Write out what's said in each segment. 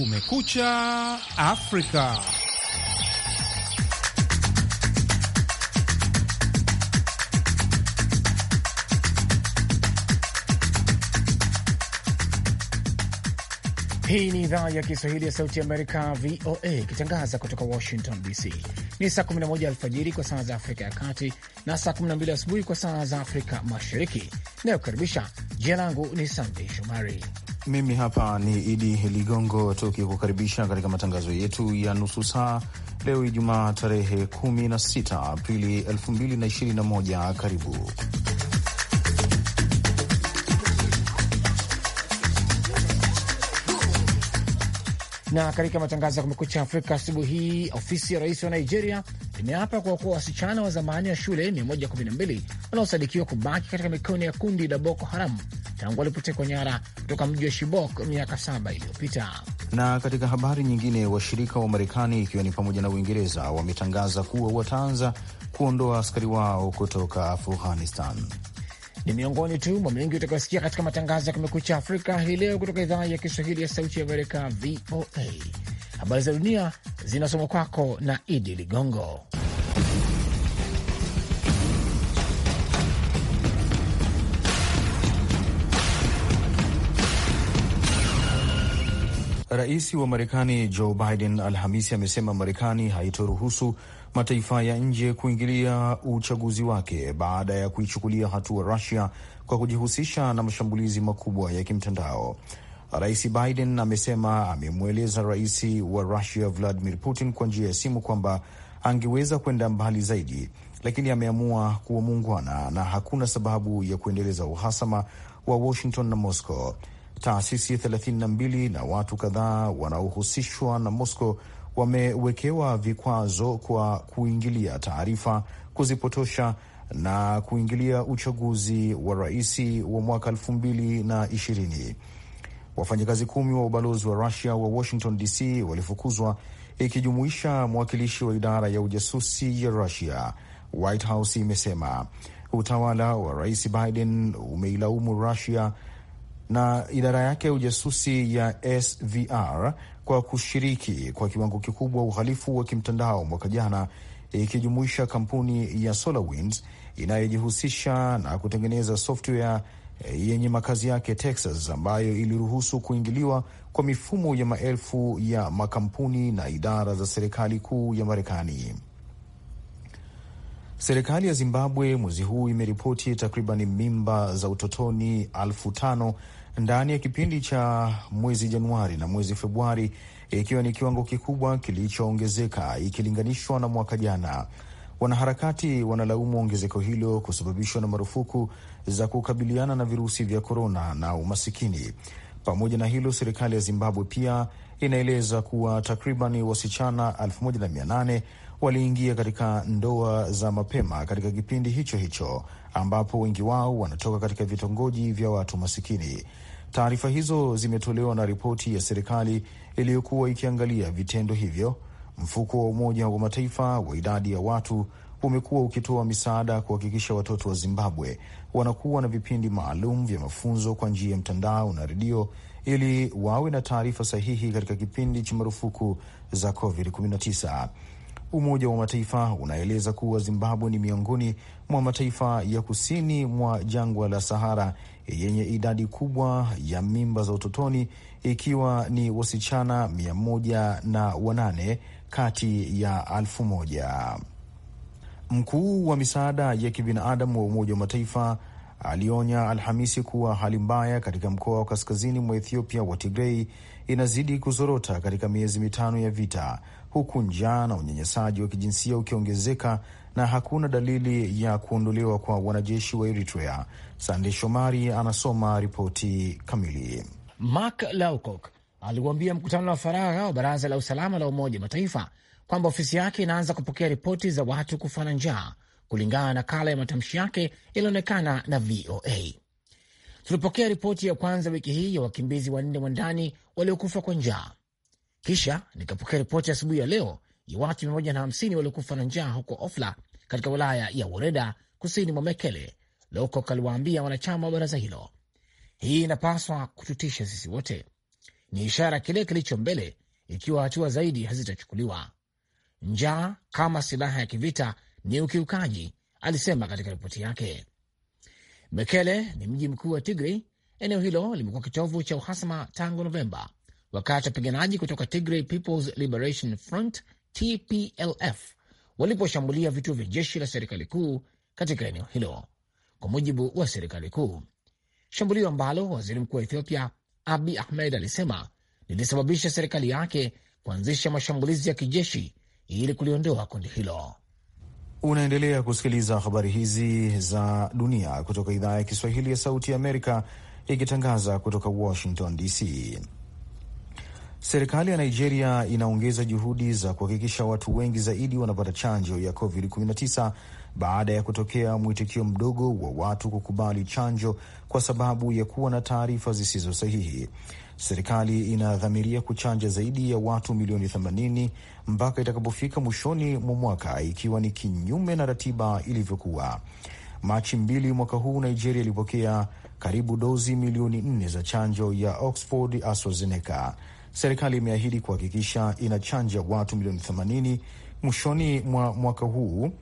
Kumekucha Afrika. Hii ni idhaa ya Kiswahili ya Sauti ya Amerika, VOA, ikitangaza kutoka Washington DC. Ni saa 11 alfajiri kwa saa za Afrika ya Kati na saa 12 asubuhi kwa saa za Afrika Mashariki. Inayokaribisha, jina langu ni sandei Shomari mimi hapa ni Idi Ligongo tukikukaribisha katika matangazo yetu ya nusu saa leo Ijumaa tarehe 16 Aprili 2021. Karibu Na katika matangazo ya Kumekucha Afrika asubuhi hii, ofisi ya rais wa Nigeria imeapa kuwaokoa wasichana wa zamani ya shule 112 wanaosadikiwa kubaki katika mikono ya kundi la Boko Haram tangu walipotekwa nyara kutoka mji wa Shibok miaka saba iliyopita. Na katika habari nyingine, washirika wa Marekani ikiwa ni pamoja na Uingereza wametangaza kuwa wataanza kuondoa askari wao kutoka Afghanistan ni miongoni tu mwa mengi utakayosikia katika matangazo ya Kumekucha Afrika hii leo kutoka idhaa ya Kiswahili ya Sauti ya Amerika, VOA. Habari za dunia zinasoma kwako na Idi Ligongo. Rais wa Marekani Joe Biden Alhamisi amesema Marekani haitoruhusu mataifa ya nje kuingilia uchaguzi wake baada ya kuichukulia hatua Rusia kwa kujihusisha na mashambulizi makubwa ya kimtandao. Rais Biden amesema amemweleza rais wa Rusia Vladimir Putin kwa njia ya simu kwamba angeweza kwenda mbali zaidi, lakini ameamua kuwa muungwana na hakuna sababu ya kuendeleza uhasama wa Washington na Moscow. Taasisi 32 na watu kadhaa wanaohusishwa na Moscow wamewekewa vikwazo kwa kuingilia taarifa, kuzipotosha na kuingilia uchaguzi wa rais wa mwaka elfu mbili na ishirini. Wafanyakazi kumi wa ubalozi wa Rusia wa Washington DC walifukuzwa ikijumuisha mwakilishi wa idara ya ujasusi ya Rusia. White House imesema utawala wa rais Biden umeilaumu Rusia na idara yake ya ujasusi ya SVR kwa kushiriki kwa kiwango kikubwa uhalifu wa kimtandao mwaka jana, ikijumuisha kampuni ya SolarWinds inayojihusisha na kutengeneza software eh, yenye makazi yake Texas, ambayo iliruhusu kuingiliwa kwa mifumo ya maelfu ya makampuni na idara za serikali kuu ya Marekani. Serikali ya Zimbabwe mwezi huu imeripoti takriban mimba za utotoni elfu tano ndani ya kipindi cha mwezi Januari na mwezi Februari, ikiwa ni kiwango kikubwa kilichoongezeka ikilinganishwa na mwaka jana. Wanaharakati wanalaumu ongezeko hilo kusababishwa na marufuku za kukabiliana na virusi vya korona na umasikini. Pamoja na hilo, serikali ya Zimbabwe pia inaeleza kuwa takriban wasichana 1800 waliingia katika ndoa za mapema katika kipindi hicho hicho, ambapo wengi wao wanatoka katika vitongoji vya watu masikini. Taarifa hizo zimetolewa na ripoti ya serikali iliyokuwa ikiangalia vitendo hivyo. Mfuko wa Umoja wa Mataifa wa idadi ya watu umekuwa ukitoa misaada kuhakikisha watoto wa Zimbabwe wanakuwa na vipindi maalum vya mafunzo kwa njia ya mtandao na redio ili wawe na taarifa sahihi katika kipindi cha marufuku za COVID-19. Umoja wa Mataifa unaeleza kuwa Zimbabwe ni miongoni mwa mataifa ya kusini mwa jangwa la Sahara yenye idadi kubwa ya mimba za utotoni, ikiwa ni wasichana mia moja na wanane kati ya alfu moja. Mkuu wa misaada ya kibinadamu wa Umoja wa Mataifa alionya Alhamisi kuwa hali mbaya katika mkoa wa kaskazini mwa Ethiopia wa Tigrei inazidi kuzorota katika miezi mitano ya vita huku njaa na unyanyasaji wa kijinsia ukiongezeka na hakuna dalili ya kuondolewa kwa wanajeshi wa Eritrea. Sande Shomari anasoma ripoti kamili. Mark Lowcock aliuambia mkutano wa faragha wa Baraza la Usalama la Umoja wa Mataifa kwamba ofisi yake inaanza kupokea ripoti za watu kufa na njaa, kulingana na kala ya matamshi yake yalionekana na VOA. Tulipokea ripoti ya kwanza wiki hii ya wakimbizi wanne wa ndani waliokufa kwa njaa kisha nikapokea ripoti asubuhi ya leo ya watu mia moja na hamsini waliokufa na njaa huko Ofla katika wilaya ya Woreda kusini mwa Mekele. loko aliwaambia wanachama wa baraza hilo, hii inapaswa kututisha sisi wote, ni ishara kile kilicho mbele ikiwa hatua zaidi hazitachukuliwa. Njaa kama silaha ya kivita ni ukiukaji, alisema katika ripoti yake. Mekele ni mji mkuu wa Tigri. Eneo hilo limekuwa kitovu cha uhasama tangu Novemba wakati wapiganaji kutoka Tigray People's Liberation Front TPLF waliposhambulia vituo vya jeshi la serikali kuu katika eneo hilo, kwa mujibu wa serikali kuu. Shambulio ambalo waziri mkuu wa Ethiopia Abi Ahmed alisema lilisababisha serikali yake kuanzisha mashambulizi ya kijeshi ili kuliondoa kundi hilo. Unaendelea kusikiliza habari hizi za dunia kutoka idhaa ya Kiswahili ya Sauti ya Amerika, ikitangaza kutoka Washington DC. Serikali ya Nigeria inaongeza juhudi za kuhakikisha watu wengi zaidi wanapata chanjo ya COVID-19 baada ya kutokea mwitikio mdogo wa watu kukubali chanjo kwa sababu ya kuwa na taarifa zisizo sahihi. Serikali inadhamiria kuchanja zaidi ya watu milioni 80 mpaka itakapofika mwishoni mwa mwaka, ikiwa ni kinyume na ratiba ilivyokuwa. Machi mbili mwaka huu Nigeria ilipokea karibu dozi milioni nne za chanjo ya Oxford AstraZeneca. Serikali imeahidi kuhakikisha inachanja watu milioni 80 mwishoni mwa mwaka huu,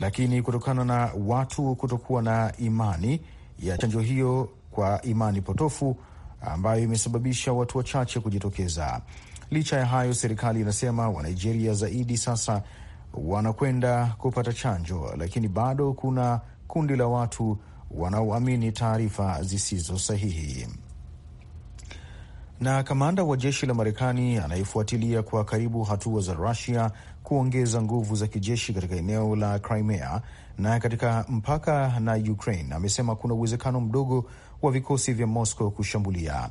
lakini kutokana na watu kutokuwa na imani ya chanjo hiyo kwa imani potofu ambayo imesababisha watu wachache kujitokeza. Licha ya hayo, serikali inasema Wanigeria zaidi sasa wanakwenda kupata chanjo, lakini bado kuna kundi la watu wanaoamini taarifa zisizo sahihi na kamanda wa jeshi la Marekani anayefuatilia kwa karibu hatua za Rusia kuongeza nguvu za kijeshi katika eneo la Crimea na katika mpaka na Ukraine amesema kuna uwezekano mdogo wa vikosi vya Moscow kushambulia.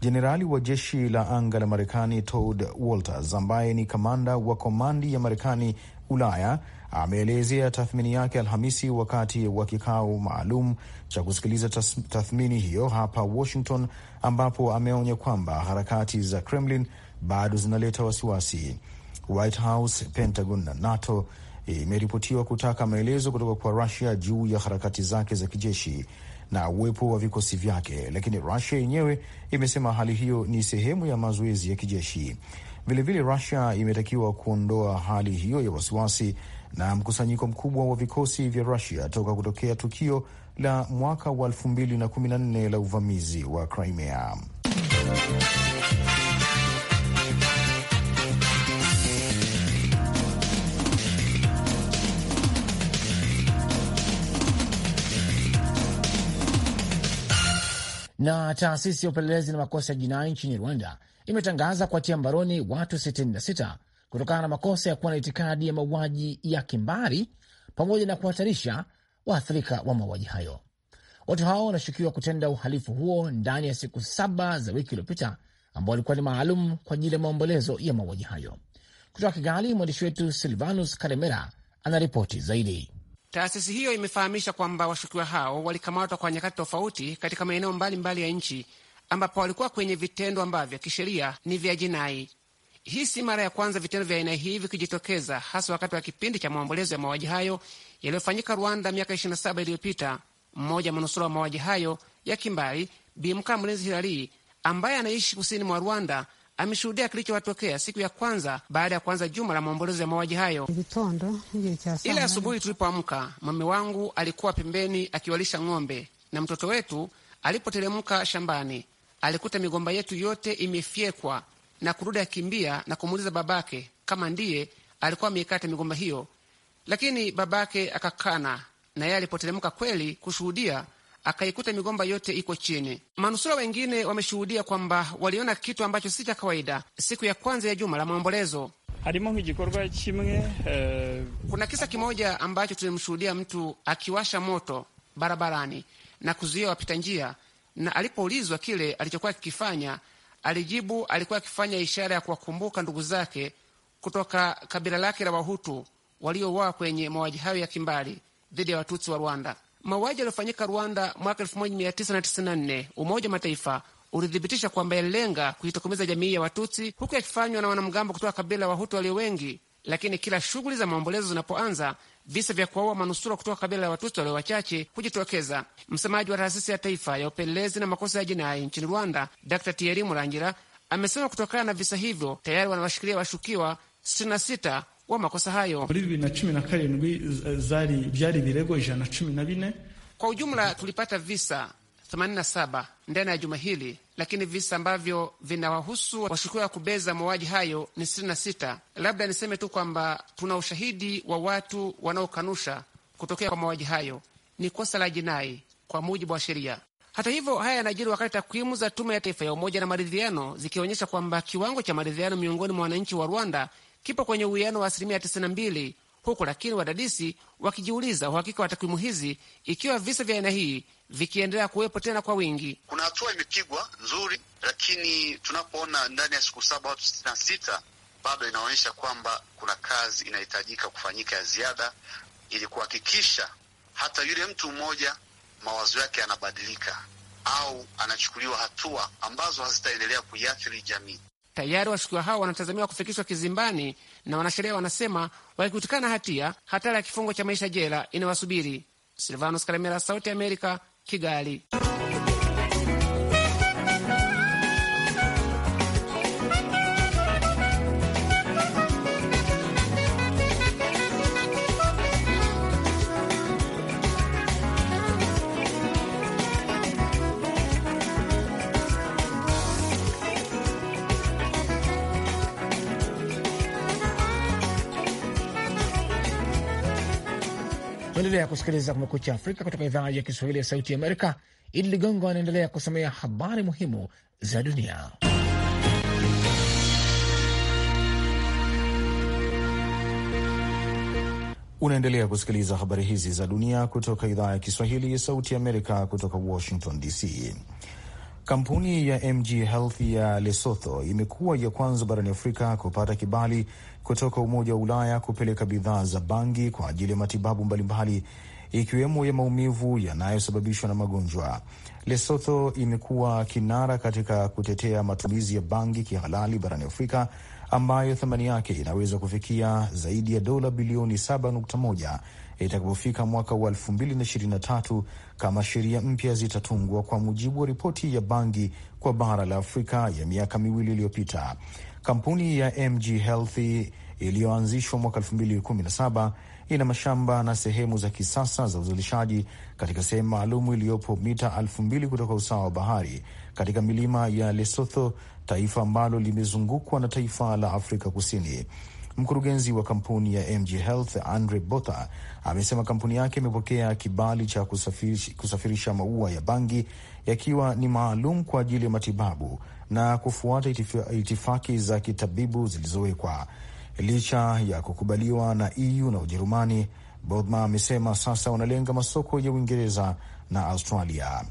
Jenerali wa jeshi la anga la Marekani Todd Walters ambaye ni kamanda wa komandi ya Marekani Ulaya ameelezea tathmini yake Alhamisi wakati wa kikao maalum cha kusikiliza tathmini hiyo hapa Washington, ambapo ameonya kwamba harakati za Kremlin bado zinaleta wasiwasi. White House, Pentagon na NATO imeripotiwa kutaka maelezo kutoka kwa Rusia juu ya harakati zake za kijeshi na uwepo wa vikosi vyake, lakini Rusia yenyewe imesema hali hiyo ni sehemu ya mazoezi ya kijeshi. Vilevile Rusia imetakiwa kuondoa hali hiyo ya wasiwasi na mkusanyiko mkubwa wa vikosi vya Rusia toka kutokea tukio la mwaka wa 2014 la uvamizi wa Crimea. Na taasisi ya upelelezi na makosa ya jinai nchini Rwanda imetangaza kuwatia mbaroni watu 66 kutokana na makosa ya kuwa na itikadi ya mauaji ya kimbari pamoja na kuhatarisha waathirika wa mauaji hayo. Watu hao wanashukiwa kutenda uhalifu huo ndani ya siku saba za wiki iliyopita, ambao walikuwa ni maalum kwa ajili ya maombolezo ya mauaji hayo. Kutoka Kigali, mwandishi wetu Silvanus Karemera anaripoti zaidi. Taasisi hiyo imefahamisha kwamba washukiwa hao walikamatwa kwa nyakati tofauti katika maeneo mbalimbali ya nchi ambapo walikuwa kwenye vitendo ambavyo kisheria ni vya jinai. Hii si mara ya kwanza vitendo vya aina hii vikijitokeza, hasa wakati wa kipindi cha maombolezo ya mauaji hayo yaliyofanyika Rwanda miaka 27 iliyopita. Mmoja manusura wa mauaji hayo ya kimbari, Bimka Mlinzi Hilali, ambaye anaishi kusini mwa Rwanda, ameshuhudia kilichowatokea siku ya kwanza baada ya kuanza juma la maombolezo ya mauaji hayo. Ile asubuhi tulipoamka, mume wangu alikuwa pembeni akiwalisha ng'ombe na mtoto wetu alipoteremka shambani alikuta migomba yetu yote imefyekwa na kurudi akimbia na kumuuliza babake kama ndiye alikuwa ameikata migomba hiyo, lakini babake akakana, na yeye alipoteremka kweli kushuhudia akaikuta migomba yote iko chini. Manusura wengine wameshuhudia kwamba waliona kitu ambacho si cha kawaida siku ya kwanza ya juma la maombolezo. Eh, Kuna kisa kimoja ambacho tulimshuhudia mtu akiwasha moto barabarani na kuzuia wapita njia, na alipoulizwa kile alichokuwa kikifanya Alijibu alikuwa akifanya ishara ya kuwakumbuka ndugu zake kutoka kabila lake la Wahutu waliouawa kwenye mauaji hayo ya kimbali dhidi ya Watutsi wa Rwanda. Mauaji yaliyofanyika Rwanda mwaka 1994, Umoja wa Mataifa ulithibitisha kwamba yalilenga kuitokomeza jamii ya Watutsi, huku yakifanywa na wanamgambo kutoka kabila la Wahutu walio wengi. Lakini kila shughuli za maombolezo zinapoanza visa vya kuwaua manusura kutoka kabila la Watusi walio wachache hujitokeza. Msemaji wa taasisi ya taifa ya upelelezi na makosa ya jinai nchini Rwanda, Dr Tieri Murangira, amesema kutokana na visa hivyo tayari wanawashikilia washukiwa 66 wa makosa hayo. Kwa ujumla tulipata visa 87 ndani ya juma hili, lakini visa ambavyo vinawahusu washukiwa wa kubeza mauaji hayo ni sitini na sita. Labda niseme tu kwamba tuna ushahidi wa watu wanaokanusha kutokea kwa mauaji hayo. Ni kosa la jinai kwa mujibu wa sheria. Hata hivyo, haya yanajiri wakati takwimu za Tume ya Taifa ya Umoja na Maridhiano zikionyesha kwamba kiwango cha maridhiano miongoni mwa wananchi wa Rwanda kipo kwenye uwiano wa asilimia 92 huku lakini wadadisi wakijiuliza uhakika wa takwimu hizi ikiwa visa vya aina hii vikiendelea kuwepo tena kwa wingi. Kuna hatua imepigwa nzuri, lakini tunapoona ndani ya siku saba watu sitini na sita bado inaonyesha kwamba kuna kazi inahitajika kufanyika ya ziada ili kuhakikisha hata yule mtu mmoja mawazo yake yanabadilika au anachukuliwa hatua ambazo hazitaendelea kuiathiri jamii. Tayari washukiwa hao wanatazamiwa kufikishwa kizimbani na wanasheria wanasema wakikutikana hatia, hatari ya kifungo cha maisha jela inawasubiri. Silvanos Karemera, Sauti Amerika, Kigali. Endelea kusikiliza Kumekucha Afrika kutoka idhaa ya Kiswahili ya Sauti Amerika. Idi Ligongo anaendelea kusomea habari muhimu za dunia. Unaendelea kusikiliza habari hizi za dunia kutoka idhaa ya Kiswahili ya Sauti Amerika kutoka Washington DC. Kampuni ya MG Health ya Lesotho imekuwa ya kwanza barani Afrika kupata kibali kutoka Umoja wa Ulaya kupeleka bidhaa za bangi kwa ajili ya matibabu mbalimbali ikiwemo ya maumivu yanayosababishwa na magonjwa. Lesotho imekuwa kinara katika kutetea matumizi ya bangi kihalali barani Afrika ambayo thamani yake inaweza kufikia zaidi ya dola bilioni 7.1 itakapofika mwaka wa 223 kama sheria mpya zitatungwa, kwa mujibu wa ripoti ya Bangi kwa bara la Afrika ya miaka miwili iliyopita. Kampuni ya MG Health iliyoanzishwa mwaka 217 ina mashamba na sehemu za kisasa za uzalishaji katika sehemu maalum iliyopo mita elfu mbili kutoka usawa wa bahari katika milima ya Lesotho, taifa ambalo limezungukwa na taifa la Afrika Kusini. Mkurugenzi wa kampuni ya MG Health Andre Botha amesema kampuni yake imepokea kibali cha kusafirisha, kusafirisha maua ya bangi yakiwa ni maalum kwa ajili ya matibabu na kufuata itifaki za kitabibu zilizowekwa. Licha ya kukubaliwa na EU na Ujerumani, Bodma amesema sasa wanalenga masoko ya Uingereza na Australia.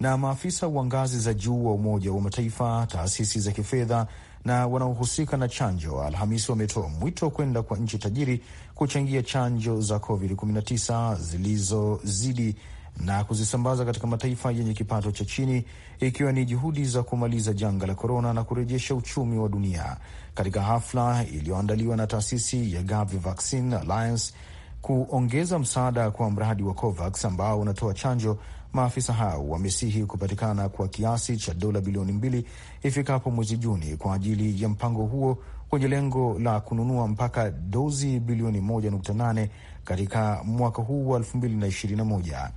Na maafisa wa ngazi za juu wa Umoja wa Mataifa, taasisi za kifedha na wanaohusika na chanjo Alhamisi wametoa mwito kwenda kwa nchi tajiri kuchangia chanjo za COVID-19 zilizozidi na kuzisambaza katika mataifa yenye kipato cha chini, ikiwa ni juhudi za kumaliza janga la korona na kurejesha uchumi wa dunia. Katika hafla iliyoandaliwa na taasisi ya Gavi Vaccine Alliance kuongeza msaada kwa mradi wa COVAX ambao unatoa chanjo Maafisa hao wamesihi kupatikana kwa kiasi cha dola bilioni mbili ifikapo mwezi Juni kwa ajili ya mpango huo kwenye lengo la kununua mpaka dozi bilioni 1.8 katika mwaka huu wa 2021.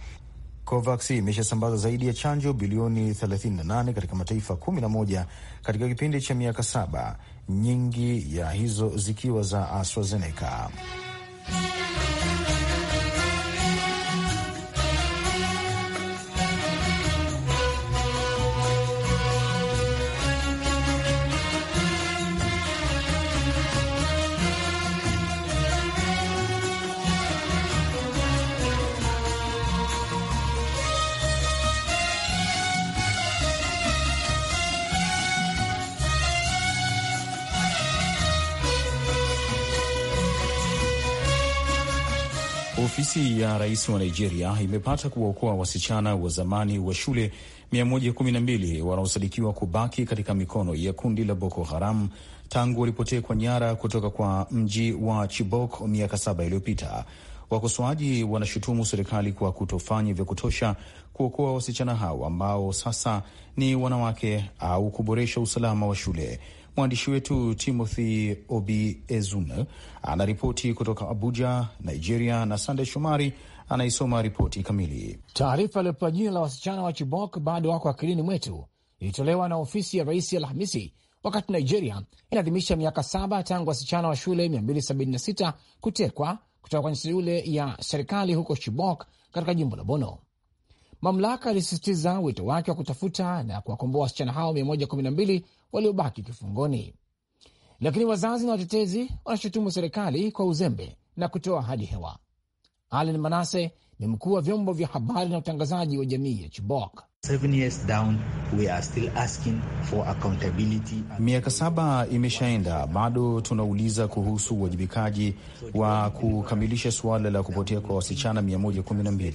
COVAX imeshasambaza zaidi ya chanjo bilioni 38 katika mataifa 11 katika kipindi cha miaka saba, nyingi ya hizo zikiwa za AstraZeneca. Ofisi ya rais wa Nigeria imepata kuwaokoa wasichana wa zamani wa shule 112 wanaosadikiwa kubaki katika mikono ya kundi la Boko Haram tangu walipotekwa nyara kutoka kwa mji wa Chibok miaka saba iliyopita. Wakosoaji wanashutumu serikali kwa kutofanya vya kutosha kuokoa wasichana hao ambao sasa ni wanawake au kuboresha usalama wa shule. Mwandishi wetu Timothy Obi Ezuna anaripoti kutoka Abuja, Nigeria, na Sandey Shomari anaisoma ripoti kamili. Taarifa iliyopewa jina la wasichana wa Chibok bado wako akilini mwetu ilitolewa na ofisi ya rais Alhamisi wakati Nigeria inaadhimisha miaka saba tangu wasichana wa shule 276 kutekwa kutoka kwenye shule ya serikali huko Chibok katika jimbo la Bono. Mamlaka ilisisitiza wito wake wa kutafuta na kuwakomboa wasichana hao waliobaki kifungoni. Lakini wazazi na watetezi wanashutumu serikali kwa uzembe na kutoa hadi hewa. alen Manase ni mkuu wa vyombo vya habari na utangazaji wa jamii ya Chibok. Miaka saba imeshaenda, bado tunauliza kuhusu uwajibikaji wa kukamilisha suala la kupotea kwa wasichana 112.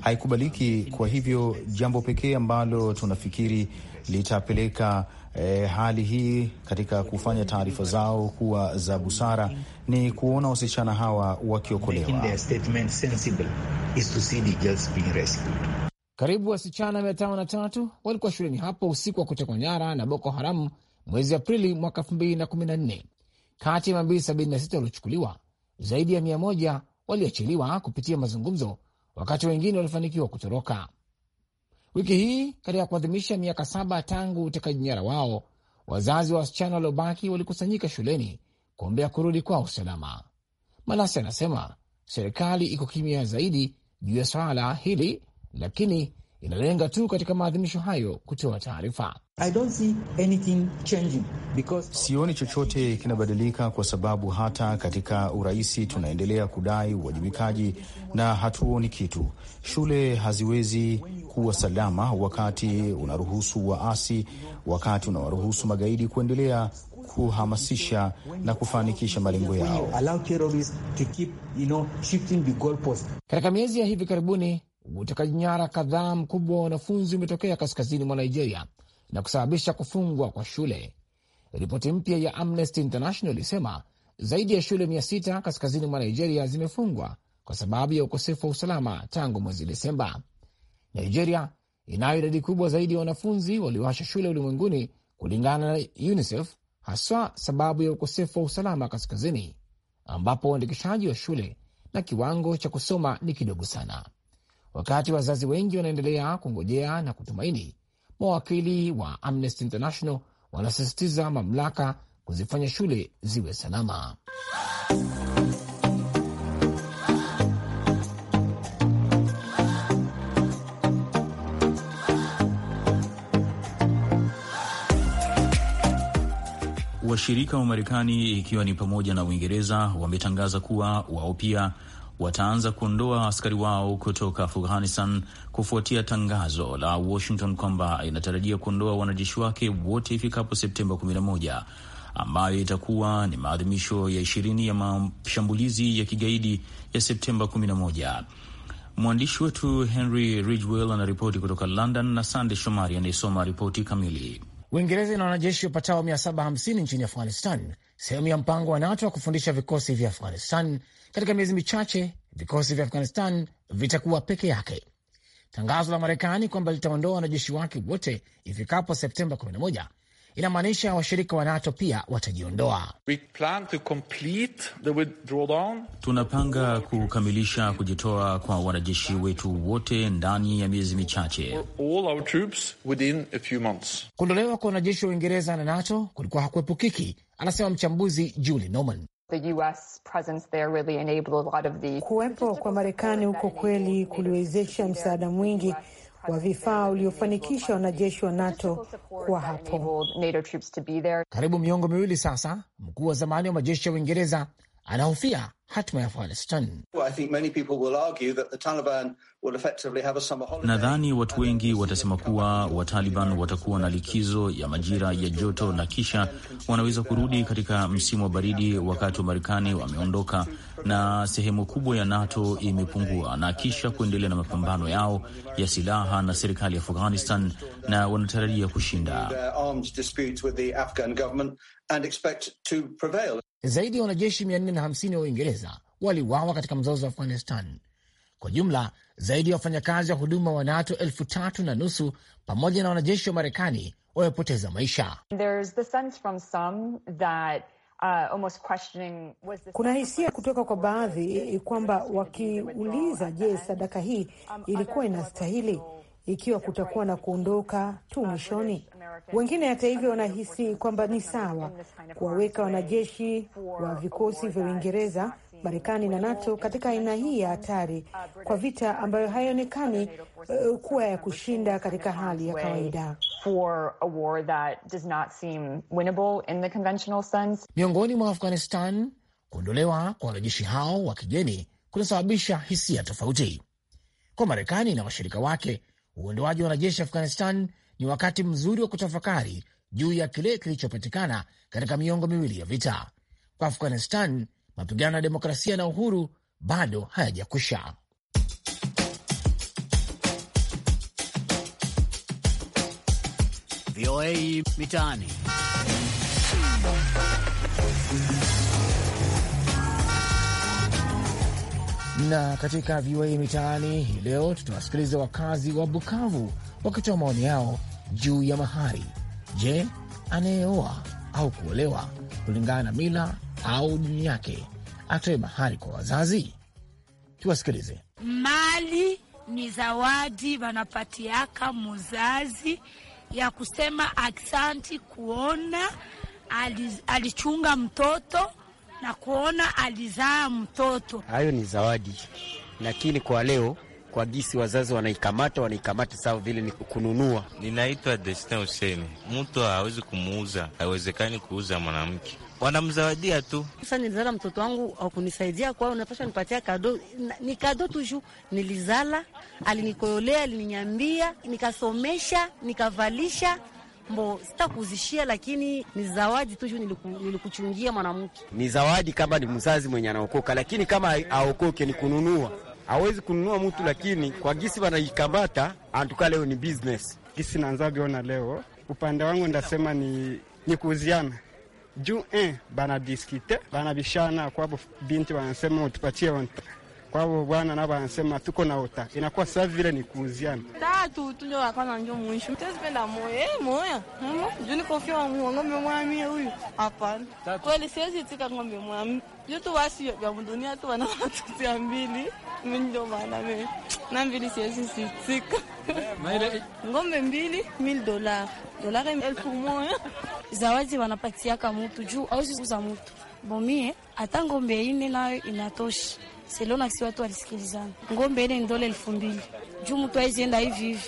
Haikubaliki. Kwa hivyo jambo pekee ambalo tunafikiri litapeleka E, hali hii katika kufanya taarifa zao kuwa za busara ni kuona wasichana hawa wakiokolewa. Karibu wasichana mia tano na tatu walikuwa shuleni hapo usiku wa kutekwa nyara na Boko Haramu mwezi Aprili mwaka 2014. Kati ya sita waliochukuliwa, zaidi ya moja waliachiliwa kupitia mazungumzo, wakati wengine walifanikiwa kutoroka. Wiki hii katika kuadhimisha miaka saba tangu utekaji nyara wao, wazazi wa wasichana waliobaki walikusanyika shuleni kuombea kurudi kwao usalama. Manase anasema serikali iko kimya zaidi juu ya swala hili lakini inalenga tu katika maadhimisho hayo kutoa taarifa. sioni chochote kinabadilika, kwa sababu hata katika uraisi tunaendelea kudai uwajibikaji na hatuoni kitu. Shule haziwezi kuwa salama wakati unaruhusu waasi, wakati unawaruhusu magaidi kuendelea kuhamasisha na kufanikisha malengo yao. Katika miezi ya hivi karibuni Utekaji nyara kadhaa mkubwa wa wanafunzi umetokea kaskazini mwa Nigeria na kusababisha kufungwa kwa shule. Ripoti mpya ya Amnesty International ilisema zaidi ya shule mia sita kaskazini mwa Nigeria zimefungwa kwa sababu ya ukosefu wa usalama tangu mwezi Desemba. Nigeria inayo idadi kubwa zaidi ya wanafunzi walioacha shule ulimwenguni kulingana na UNICEF, haswa sababu ya ukosefu wa usalama kaskazini, ambapo uandikishaji wa shule na kiwango cha kusoma ni kidogo sana. Wakati wazazi wengi wanaendelea kungojea na kutumaini, mawakili wa Amnesty International wanasisitiza mamlaka kuzifanya shule ziwe salama. Washirika wa Marekani ikiwa ni pamoja na Uingereza wametangaza kuwa wao pia wataanza kuondoa askari wao kutoka Afghanistan kufuatia tangazo la Washington kwamba inatarajia kuondoa wanajeshi wake wote ifikapo Septemba 11 ambayo itakuwa ni maadhimisho ya ishirini ya mashambulizi ya kigaidi ya Septemba 11. Mwandishi wetu Henry Ridgwell anaripoti kutoka London na Sande Shomari anayesoma ripoti kamili. Uingereza ina wanajeshi wapatao 750 nchini Afghanistan, sehemu ya mpango wa NATO wa kufundisha vikosi vya Afghanistan katika miezi michache vikosi vya Afghanistan vitakuwa peke yake. Tangazo la Marekani kwamba litaondoa wanajeshi wake wote ifikapo Septemba 11 inamaanisha washirika wa NATO pia watajiondoa. Tunapanga kukamilisha kujitoa kwa wanajeshi wetu wote ndani ya miezi michache. Kuondolewa kwa wanajeshi wa Uingereza na NATO kulikuwa hakuepukiki, anasema mchambuzi Julie Norman. Kuwepo kwa Marekani huko kweli kuliwezesha msaada mwingi wa vifaa uliofanikisha wanajeshi wa NATO kuwa hapo. karibu miongo miwili sasa, mkuu wa zamani wa majeshi ya Uingereza anahofia hatima ya Afghanistan. Nadhani watu wengi watasema kuwa Wataliban watakuwa na likizo ya majira ya joto na kisha wanaweza kurudi katika msimu wa baridi, wakati wa Marekani wameondoka na sehemu kubwa ya NATO imepungua na kisha kuendelea na mapambano yao ya silaha na serikali ya Afghanistan na wanatarajia kushinda. Uh, zaidi ya wanajeshi 450 wa Uingereza waliuawa katika mzozo wa Afghanistan. Kwa jumla, zaidi ya wafanyakazi wa huduma wa NATO elfu tatu na nusu pamoja na wanajeshi wa Marekani wamepoteza maisha. There's the sense from some that Uh, Kuna hisia kutoka kwa baadhi kwamba wakiuliza, je, sadaka hii um, ilikuwa inastahili ikiwa kutakuwa na kuondoka uh, tu mwishoni. Wengine hata hivyo wanahisi kwamba ni sawa kuwaweka wanajeshi wa vikosi vya Uingereza Marekani na NATO katika aina hii ya hatari kwa vita ambayo haionekani uh, kuwa ya kushinda katika hali ya kawaida. Miongoni mwa Afghanistan, kuondolewa kwa wanajeshi hao wa kigeni kunasababisha hisia tofauti kwa Marekani na washirika wake. Uondoaji wa wanajeshi Afghanistan ni wakati mzuri wa kutafakari juu ya kile kilichopatikana katika miongo miwili ya vita. Kwa Afghanistan mapigano ya demokrasia na uhuru bado hayajakwisha. VOA Mitaani. Na katika VOA Mitaani hii leo tutawasikiliza wakazi wa Bukavu wakitoa maoni yao juu ya mahari. Je, anayeoa au kuolewa kulingana na mila au dini yake atoe mahari kwa wazazi? Tuwasikilize. Mali ni zawadi wanapatiaka muzazi ya kusema aksanti, kuona alichunga mtoto na kuona alizaa mtoto. Hayo ni zawadi, lakini kwa leo kwa gisi wazazi wanaikamata, wanaikamata sawa vile ni kununua. Ninaitwa Destin Huseni. Mtu hawezi kumuuza, haiwezekani kuuza mwanamke wanamzawadia tu. Sasa nilizala mtoto wangu akunisaidia kwao, unapasha nipatia kado, ni kado tuju. Nilizala, alinikoolea, alininyambia, nikasomesha, nikavalisha mbo sitakuzishia, lakini ni zawadi tu niliku, nilikuchungia mwanamke. Ni zawadi kama ni mzazi mwenye anaokoka, lakini kama aokoke ni kununua hawezi kununua mtu, lakini kwa gisi wanaikamata antuka, leo ni business gisi nanzagiona leo. Upande wangu ndasema ni, ni kuuziana juu eh, banadiskite banabishana kwabo, binti wanasema utupatie kwa hivyo bwana navo anasema tuko na ota, inakuwa sasa vile ni kuuziana tatu tunjo akana njo mwisho tezipenda moya eh, moya hmm? juu nikofia wa ng'ombe mwamia huyu hapana, kweli siwezi tika ng'ombe mwamia juu wasi vya mdunia tu wanawatutia mbili mindo maana me na mbili siwezi sitika eh, ng'ombe mbili mil dolar dolar elfu moya zawadi wanapatiaka mutu juu auzi kuza mutu bomie hata ng'ombe ine nayo inatosha Selona si watu walisikilizana, ngombe ile ndole elfu mbili juu mtu aizienda hivi hivi.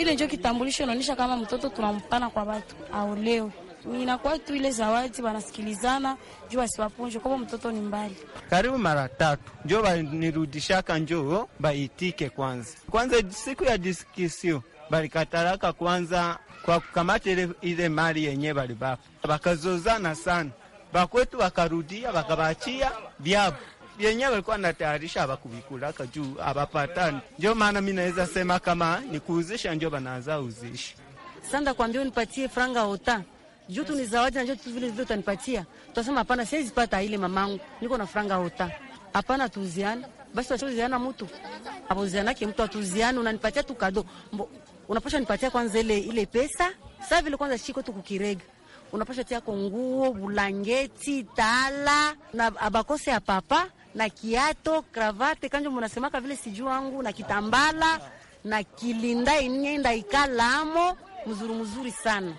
Ile njo kitambulisho inaonyesha kama mtoto tunampana kwa watu aolewe inakuwa tu ah, oh, ile zawadi wanasikilizana juu asiwapunje kwamba mtoto ni mbali. Karibu mara tatu njo banirudishaka, njoo baitike kwanza kwanza siku ya diskisio balikataraka kwanza kwa kukamata ile, ile mali yenye balibapa, bakazozana sana, bakwetu wakarudia bakabachia vyabo yenyewe walikuwa natayarisha awakuvikulaka juu awapatani. Ndio maana mi naweza sema kama ni kuuzisha, ndio wanaanza uzisha. Sasa ndakwambia unipatie franga ota juu tu ni zawadi, najua tu vile vile utanipatia. Tutasema hapana, siwezi pata ile mamangu, niko na franga ota. Hapana, tuuziane basi, tuuziana mtu apozianake mtu atuuziane, unanipatia tu kado, unapasha nipatia kwanza ile ile pesa sasa, vile kwanza shiko tu kukirega unapasha tiako nguo bulangeti tala na abakose ya papa na kiato kravate kanjo munasemaka vile sijuu wangu na kitambala na kilinda inyenda ikalamo mzuri mzuri sana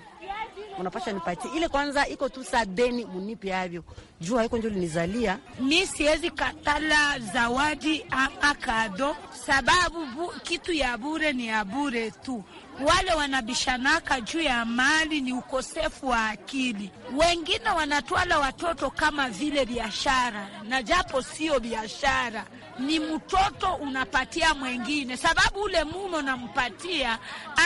unapasha nipatie ile kwanza, iko tu saa deni munipe avyo juu iko njo linizalia mi. Siwezi katala zawadi ama kado, sababu bu, kitu ya bure ni ya bure tu wale wanabishanaka juu ya mali ni ukosefu wa akili. Wengine wanatwala watoto kama vile biashara, na japo sio biashara, ni mtoto unapatia mwengine, sababu ule muno nampatia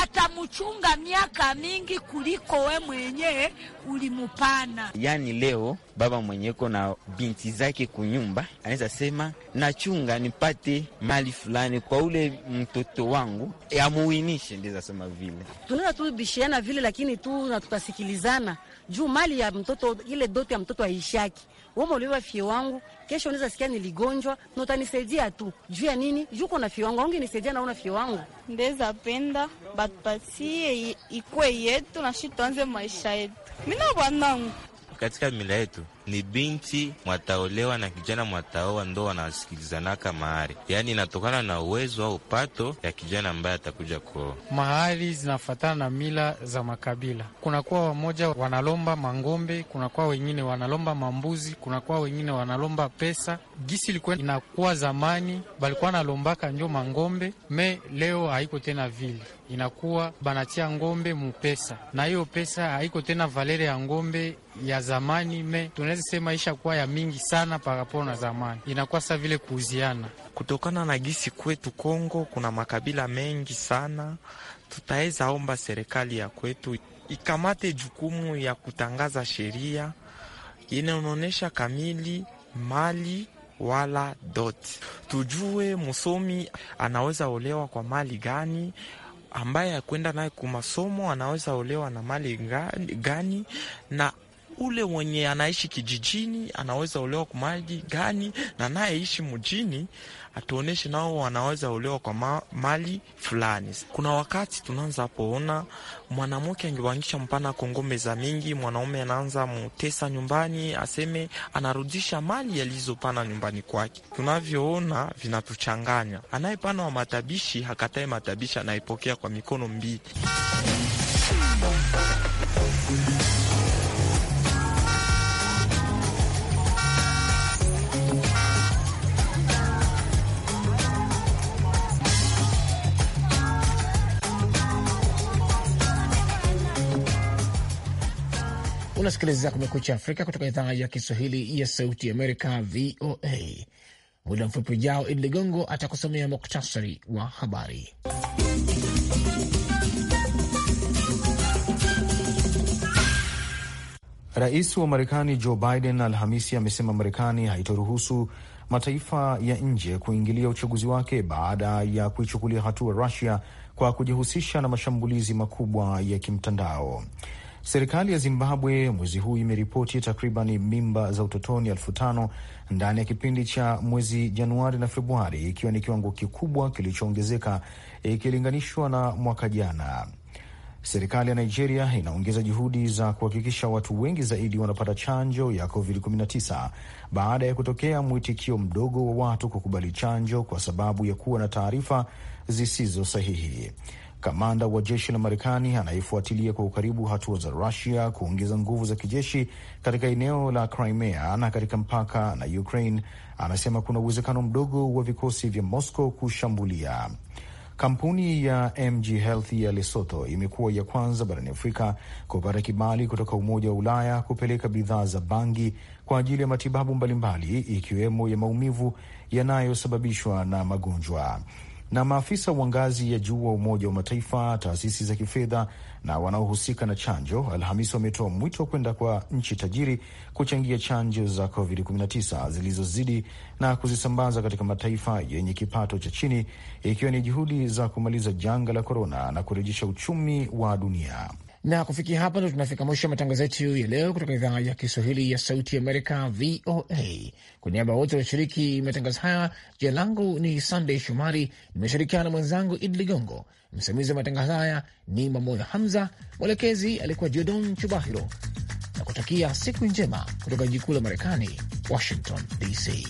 atamchunga miaka mingi kuliko we mwenyewe ulimupana. Yani leo baba mwenyeko na binti zake kunyumba, anaweza sema nachunga nipate mali fulani kwa ule mtoto wangu e, amuinishe. Ndiza sema vile tunaweza tu bishiana vile, lakini tu na tutasikilizana juu mali ya mtoto ile doto ya mtoto aishaki wama uliwa fie wangu kesho, unaweza sikia niligonjwa na utanisaidia tu juu ya nini? Juu kona fie wangu aunge nisaidia naona fie wangu ndeza penda batupatie ikwe yetu nashi tuanze maisha yetu. Mina wanangu katika mila yetu ni binti mwataolewa na kijana mwataoa, ndo wanasikilizanaka mahari. Yaani inatokana na uwezo au pato ya kijana ambaye atakuja kuoa. Mahari zinafatana na mila za makabila. Kunakuwa wamoja wanalomba mangombe, kunakuwa wengine wanalomba mambuzi, kunakuwa wengine wanalomba pesa. Gisi ilikuwa inakuwa zamani, balikuwa nalombaka njo mangombe me, leo haiko tena vile inakuwa banatia ngombe mupesa, na hiyo pesa haiko tena valere ya ngombe ya zamani me tune naweza sema isha kuwa ya mingi sana parapo na zamani, inakuwa sa vile kuuziana kutokana na gisi kwetu Kongo kuna makabila mengi sana. Tutaweza omba serikali ya kwetu ikamate jukumu ya kutangaza sheria inaonyesha kamili mali wala dot, tujue msomi anaweza olewa kwa mali gani ambaye akwenda naye kumasomo anaweza olewa na mali gani, na ule mwenye anaishi kijijini anaweza olewa kwa maji gani, na anayeishi mjini atuoneshe nao wanaweza olewa kwa ma, mali fulani. Kuna wakati tunaanza poona mwanamke angewangisha mpana za mingi, mwanaume anaanza mutesa nyumbani, aseme anarudisha mali yalizopana nyumbani kwake. Tunavyoona vinatuchanganya, anayepana wa matabishi hakatae matabishi, anaipokea kwa mikono mbili. Unasikiliza Kumekucha Afrika kutoka idhaa ya Kiswahili ya Sauti Amerika, VOA. Muda mfupi ujao, Idi Ligongo atakusomea muktasari wa habari. Rais wa Marekani Joe Biden Alhamisi amesema Marekani haitoruhusu mataifa ya nje kuingilia uchaguzi wake baada ya kuichukulia hatua Rusia kwa kujihusisha na mashambulizi makubwa ya kimtandao. Serikali ya Zimbabwe mwezi huu imeripoti takriban mimba za utotoni elfu tano ndani ya kipindi cha mwezi Januari na Februari, ikiwa ni kiwango kikubwa kilichoongezeka ikilinganishwa na mwaka jana. Serikali ya Nigeria inaongeza juhudi za kuhakikisha watu wengi zaidi wanapata chanjo ya COVID-19 baada ya kutokea mwitikio mdogo wa watu kukubali chanjo kwa sababu ya kuwa na taarifa zisizo sahihi kamanda wa jeshi la Marekani anayefuatilia kwa ukaribu hatua za Rusia kuongeza nguvu za kijeshi katika eneo la Crimea na katika mpaka na Ukraine anasema kuna uwezekano mdogo wa vikosi vya Moscow kushambulia. Kampuni ya MG Health ya Lesotho imekuwa ya kwanza barani Afrika kupata kibali kutoka Umoja wa Ulaya kupeleka bidhaa za bangi kwa ajili ya matibabu mbalimbali ikiwemo ya maumivu yanayosababishwa na magonjwa na maafisa wa ngazi ya juu wa Umoja wa Mataifa, taasisi za kifedha na wanaohusika na chanjo, Alhamisi wametoa mwito kwenda kwa nchi tajiri kuchangia chanjo za COVID-19 zilizozidi na kuzisambaza katika mataifa yenye kipato cha chini, ikiwa ni juhudi za kumaliza janga la korona na kurejesha uchumi wa dunia. Na kufikia hapa ndo tunafika mwisho wa matangazo yetu ya leo kutoka idhaa ya Kiswahili ya Sauti Amerika, VOA. Kwa niaba ya wote walioshiriki matangazo haya, jina langu ni Sandey Shomari, nimeshirikiana na mwenzangu Idi Ligongo. Msimamizi wa matangazo haya ni Mamoyo Hamza, mwelekezi alikuwa Jiodon Chubahiro, na kutakia siku njema kutoka jikuu la Marekani, Washington DC.